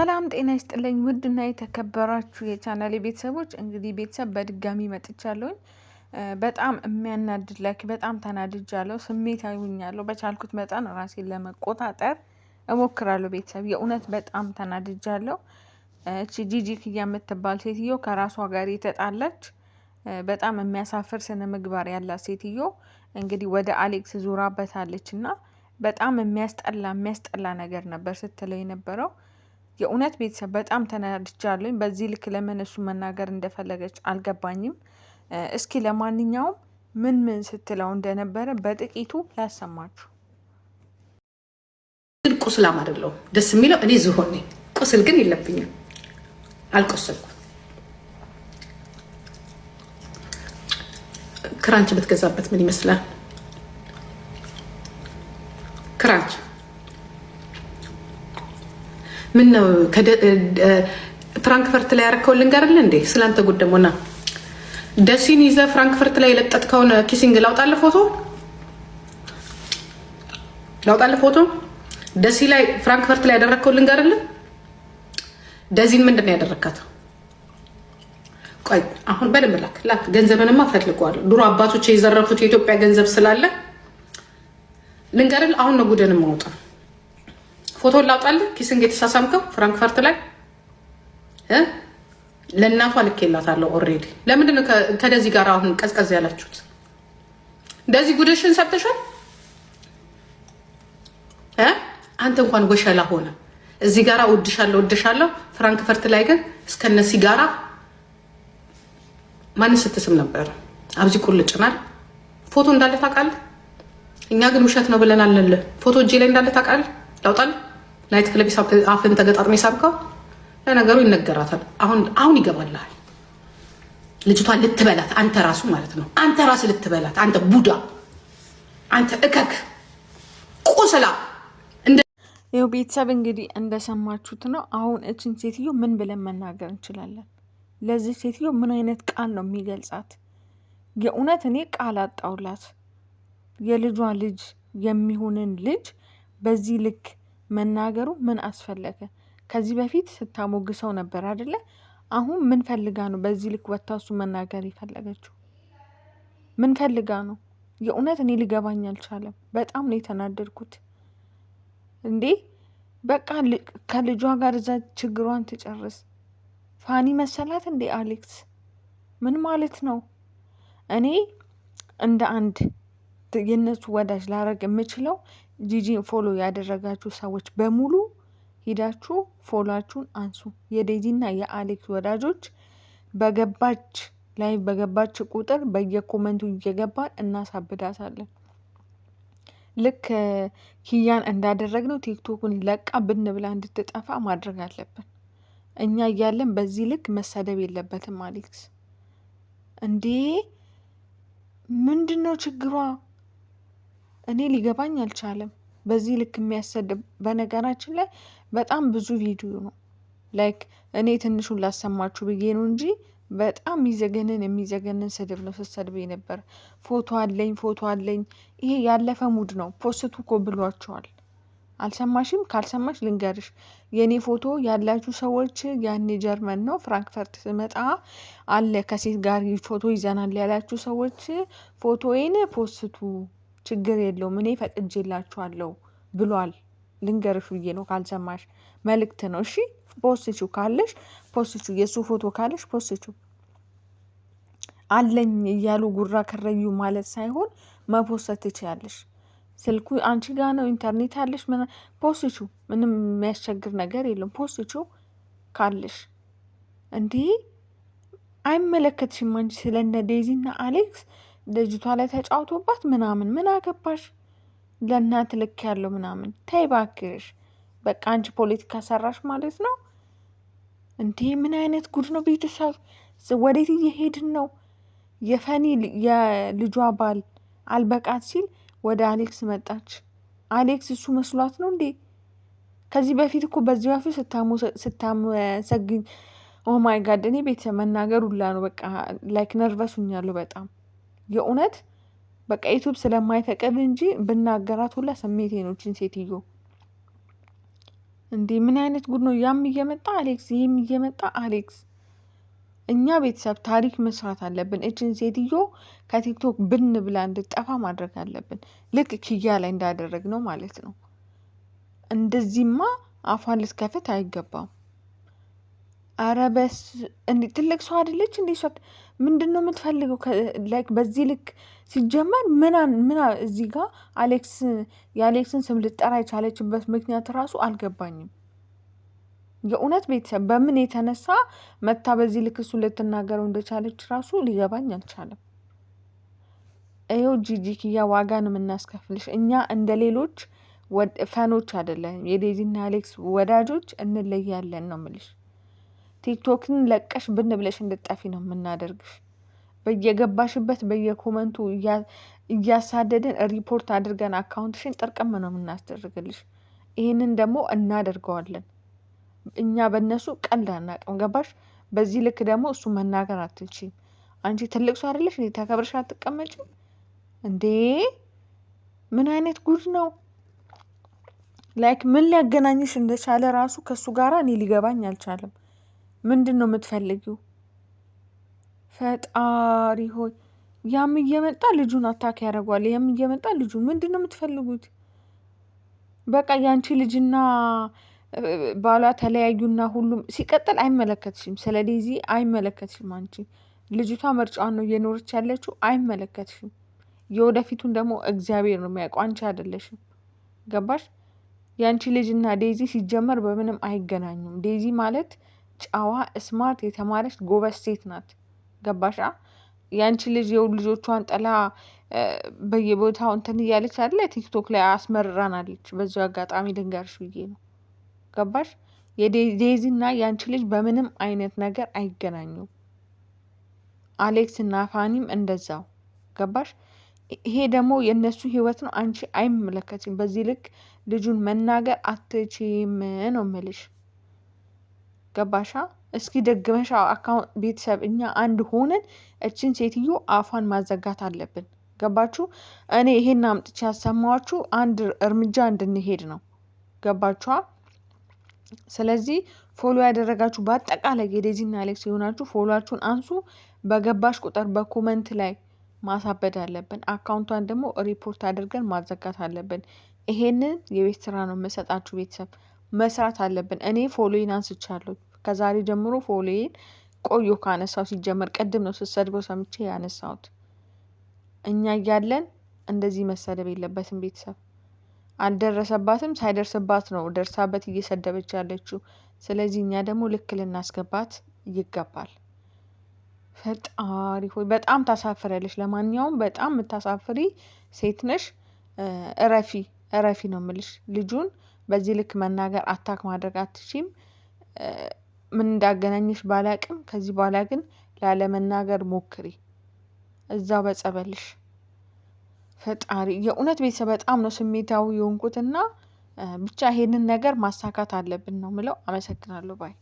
ሰላም ጤና ይስጥልኝ። ውድና የተከበራችሁ የቻናል ቤተሰቦች እንግዲህ ቤተሰብ በድጋሚ መጥቻለሁኝ። በጣም የሚያናድድ ላይክ በጣም ተናድጃለሁ፣ ስሜታዊ ሆኛለሁ። በቻልኩት መጠን ራሴን ለመቆጣጠር እሞክራለሁ። ቤተሰብ የእውነት በጣም ተናድጃለሁ። እቺ ጂጂ ክያ የምትባል ሴትዮ ከራሷ ጋር የተጣላች በጣም የሚያሳፍር ስነ ምግባር ያላት ሴትዮ እንግዲህ ወደ አሌክስ ዙራበታለች እና በጣም የሚያስጠላ የሚያስጠላ ነገር ነበር ስትለው የነበረው የእውነት ቤተሰብ በጣም ተናድጃለሁኝ። በዚህ ልክ ለምን እሱ መናገር እንደፈለገች አልገባኝም። እስኪ ለማንኛውም ምን ምን ስትለው እንደነበረ በጥቂቱ ላሰማችሁ። ግን ቁስላም አይደለሁም። ደስ የሚለው እኔ ዝሆን ነኝ። ቁስል ግን የለብኝም፣ አልቆሰልኩም። ክራንች ብትገዛበት ምን ይመስላል? ምን ነው ፍራንክፈርት ላይ ያረከውን ልንገርል እንዴ? ስለአንተ ጉድ ደሞና ደሲን ይዘ ፍራንክፈርት ላይ የለጠጥከውን ኪሲንግ ላውጣለ ፎቶ ላውጣለ ፎቶ ደሲ ላይ ፍራንክፈርት ላይ ያደረግከውን ልንገርል። ደዚን ምንድን ነው ያደረግካት? ቆይ አሁን በደንብ ላክ ላክ። ገንዘብንማ ፈልገዋለሁ። ድሮ አባቶች የዘረፉት የኢትዮጵያ ገንዘብ ስላለ ልንገርል። አሁን ነው ጉደን ማውጣ ፎቶ ላውጣልህ ኪስንግ የተሳሳምከው ፍራንክፈርት ላይ ለእናቷ ልኬላታለሁ። ኦልሬዲ ለምንድን ነው ከደዚህ ጋር አሁን ቀዝቀዝ ያላችሁት? እንደዚህ ጉድሽን ሰብተሻል። አንተ እንኳን ወሸላ ሆነ እዚህ ጋር ወድሻለሁ ወድሻለሁ። ፍራንክፈርት ላይ ግን እስከነ ሲጋራ ማን ስትስም ነበር? አብዚ ቁልጭ ፎቶ እንዳለ ታውቃለህ። እኛ ግን ውሸት ነው ብለን አለለ ፎቶ እጄ ላይ እንዳለ ታውቃለህ። ላውጣልህ ናይት ክለብ አፍን ተገጣጥሜ ሳብቀው ለነገሩ ይነገራታል። አሁን አሁን ይገባልሃል። ልጅቷን ልትበላት አንተ ራሱ ማለት ነው። አንተ ራስ ልትበላት አንተ ቡዳ፣ አንተ እከክ ቁስላ ይኸው ቤተሰብ እንግዲህ እንደሰማችሁት ነው። አሁን እችን ሴትዮ ምን ብለን መናገር እንችላለን? ለዚህ ሴትዮ ምን አይነት ቃል ነው የሚገልጻት? የእውነት እኔ ቃል አጣውላት። የልጇ ልጅ የሚሆንን ልጅ በዚህ ልክ መናገሩ ምን አስፈለገ? ከዚህ በፊት ስታሞግሰው ነበር አይደለ? አሁን ምን ፈልጋ ነው በዚህ ልክ ወጥታ እሱ መናገር የፈለገችው? ምን ፈልጋ ነው? የእውነት እኔ ሊገባኝ አልቻለም። በጣም ነው የተናደድኩት። እንዴ በቃ ከልጇ ጋር እዛ ችግሯን ትጨርስ። ፋኒ መሰላት እንዴ አሌክስ? ምን ማለት ነው? እኔ እንደ አንድ የእነሱ ወዳጅ ላረግ የምችለው ጂጂን ፎሎ ያደረጋችሁ ሰዎች በሙሉ ሂዳችሁ ፎሎችሁን አንሱ። የዴዚና የአሌክስ ወዳጆች በገባች ላይ በገባች ቁጥር በየኮመንቱ እየገባን እናሳብዳታለን። ልክ ኪያን እንዳደረግነው ቲክቶኩን ለቃ ብን ብላ እንድትጠፋ ማድረግ አለብን። እኛ እያለን በዚህ ልክ መሰደብ የለበትም አሌክስ። እንዴ ምንድን ነው ችግሯ? እኔ ሊገባኝ አልቻለም። በዚህ ልክ የሚያሰድብ በነገራችን ላይ በጣም ብዙ ቪዲዮ ነው። ላይክ እኔ ትንሹን ላሰማችሁ ብዬ ነው እንጂ በጣም የሚዘገንን የሚዘገንን ስድብ ነው ስትሰድብ ነበር። ፎቶ አለኝ ፎቶ አለኝ። ይሄ ያለፈ ሙድ ነው። ፖስቱ እኮ ብሏቸዋል። አልሰማሽም? ካልሰማሽ ልንገርሽ፣ የእኔ ፎቶ ያላችሁ ሰዎች ያኔ ጀርመን ነው ፍራንክፈርት ስመጣ አለ ከሴት ጋር ፎቶ ይዘናል ያላችሁ ሰዎች ፎቶዬን ፖስቱ ችግር የለውም እኔ ፈቅጄላችኋለሁ ብሏል። ልንገርሽ ብዬ ነው ካልሰማሽ መልእክት ነው። እሺ ፖስትቹ ካለሽ ፖስትቹ፣ የእሱ ፎቶ ካለሽ ፖስትቹ። አለኝ እያሉ ጉራ ከረዩ ማለት ሳይሆን መፖሰት ትችያለሽ። ስልኩ አንቺ ጋ ነው፣ ኢንተርኔት አለሽ። ፖስትቹ ምንም የሚያስቸግር ነገር የለም። ፖስትቹ ካለሽ እንዲህ አይመለከትሽም አንቺ ስለነ ዴዚና አሌክስ ልጅቷ ላይ ተጫውቶባት ምናምን ምን አገባሽ ለእናት ልክ ያለው ምናምን ተይ እባክሽ። በቃ አንቺ ፖለቲካ ሰራሽ ማለት ነው እንዴ? ምን አይነት ጉድ ነው? ቤተሰብ ወዴት እየሄድን ነው? የፈኒ የልጇ ባል አልበቃት ሲል ወደ አሌክስ መጣች። አሌክስ እሱ መስሏት ነው እንዴ? ከዚህ በፊት እኮ በዚህ ፊ ስታመሰግኝ ኦማይ ጋድ እኔ ቤተሰብ መናገር ሁላ ነው በቃ ላይክ ነርቨሱኛለሁ በጣም የእውነት በቃ ዩቱብ ስለማይፈቅድ እንጂ ብናገራት ሁላ ስሜቴ ነው። ችን ሴትዮ እንዴ ምን አይነት ጉድ ነው? ያም እየመጣ አሌክስ፣ ይህም እየመጣ አሌክስ። እኛ ቤተሰብ ታሪክ መስራት አለብን። እችን ሴትዮ ከቲክቶክ ብን ብላ እንድጠፋ ማድረግ አለብን። ልክ ኪያ ላይ እንዳደረግ ነው ማለት ነው። እንደዚህማ አፏን ልትከፍት አይገባም። አረ በስ እንዴ ትልቅ ሰው አይደለች እንዴ? እሷ ምንድን ነው የምትፈልገው? ላይክ በዚህ ልክ ሲጀመር ምናን ምና እዚህ ጋር አሌክስ የአሌክስን ስም ልጠራ የቻለችበት ምክንያት ራሱ አልገባኝም። የእውነት ቤተሰብ በምን የተነሳ መታ በዚህ ልክ እሱ ልትናገረው እንደቻለች ራሱ ሊገባኝ አልቻለም። ይኸው ጂጂ ክያ ዋጋ ነው የምናስከፍልሽ። እኛ እንደ ሌሎች ፈኖች አይደለም፣ የዴዚና አሌክስ ወዳጆች እንለያለን ነው ምልሽ ቲክቶክን ለቀሽ ብን ብለሽ እንድጠፊ ነው የምናደርግሽ። በየገባሽበት በየኮመንቱ እያሳደድን ሪፖርት አድርገን አካውንትሽን ጥርቅም ነው የምናስደርግልሽ። ይህንን ደግሞ እናደርገዋለን። እኛ በእነሱ ቀልድ አናቅም። ገባሽ? በዚህ ልክ ደግሞ እሱ መናገር አትልችም። አንቺ ትልቅ ሰው አይደለሽ እንዴ? ተከብርሽ አትቀመጭም እንዴ? ምን አይነት ጉድ ነው? ላይክ ምን ሊያገናኝሽ እንደቻለ ራሱ ከእሱ ጋራ እኔ ሊገባኝ አልቻለም። ምንድን ነው የምትፈልጊው? ፈጣሪ ሆይ ያም እየመጣ ልጁን አታክ ያደርጓል። ያም እየመጣ ልጁ ምንድን ነው የምትፈልጉት? በቃ ያንቺ ልጅና ባሏ ተለያዩና ሁሉም ሲቀጥል አይመለከትሽም። ስለ ዴዚ አይመለከትሽም። አንቺ ልጅቷ መርጫዋን ነው እየኖረች ያለችው። አይመለከትሽም። የወደፊቱን ደግሞ እግዚአብሔር ነው የሚያውቀው። አንቺ አይደለሽም። ገባሽ? ያንቺ ልጅና ዴዚ ሲጀመር በምንም አይገናኙም። ዴዚ ማለት ጨዋ ስማርት የተማረች ጎበዝ ሴት ናት። ገባሻ? ያንቺ ልጅ የውድ ልጆቿን ጥላ በየቦታው እንትን እያለች አለ ቲክቶክ ላይ አስመርራናለች በዚሁ አጋጣሚ ልንገርሽ ብዬ ነው። ገባሽ የዴዚና ያንቺ ልጅ በምንም አይነት ነገር አይገናኙም። አሌክስ እና ፋኒም እንደዛው ገባሽ ይሄ ደግሞ የእነሱ ህይወት ነው አንቺ አይመለከትም። በዚህ ልክ ልጁን መናገር አትችም ነው የምልሽ ገባሻ እስኪ ደግመሻ አካውንት ቤተሰብ እኛ አንድ ሆነን እችን ሴትዮ አፏን ማዘጋት አለብን። ገባችሁ? እኔ ይሄን አምጥቼ ያሰማኋችሁ አንድ እርምጃ እንድንሄድ ነው። ገባችኋ? ስለዚህ ፎሎ ያደረጋችሁ በአጠቃላይ የዴዚና አሌክስ የሆናችሁ ፎሎችሁን አንሱ። በገባሽ ቁጥር በኮመንት ላይ ማሳበድ አለብን። አካውንቷን ደግሞ ሪፖርት አድርገን ማዘጋት አለብን። ይሄንን የቤት ስራ ነው የምሰጣችሁ ቤተሰብ መስራት አለብን። እኔ ፎሎዬን አንስቻለሁ ከዛሬ ጀምሮ ፎሎዬን ቆዮ ካነሳው ሲጀመር ቅድም ነው ስትሰድበው ሰምቼ ያነሳሁት። እኛ እያለን እንደዚህ መሰደብ የለበትም ቤተሰብ አልደረሰባትም ሳይደርስባት ነው ደርሳበት እየሰደበች ያለችው ስለዚህ እኛ ደግሞ ልክ ልናስገባት ይገባል። ፈጣሪ ሆይ በጣም ታሳፍሪያለሽ። ለማንኛውም በጣም የምታሳፍሪ ሴት ነሽ። እረፊ እረፊ ነው የምልሽ ልጁን በዚህ ልክ መናገር አታክ ማድረግ አትችም። ምን እንዳገናኘሽ ባላቅም ከዚህ በኋላ ግን ላለመናገር ሞክሪ። እዛው በጸበልሽ ፈጣሪ የእውነት ቤተሰብ በጣም ነው ስሜታዊ የሆንኩትና ብቻ ይሄንን ነገር ማሳካት አለብን ነው ምለው። አመሰግናለሁ ባይ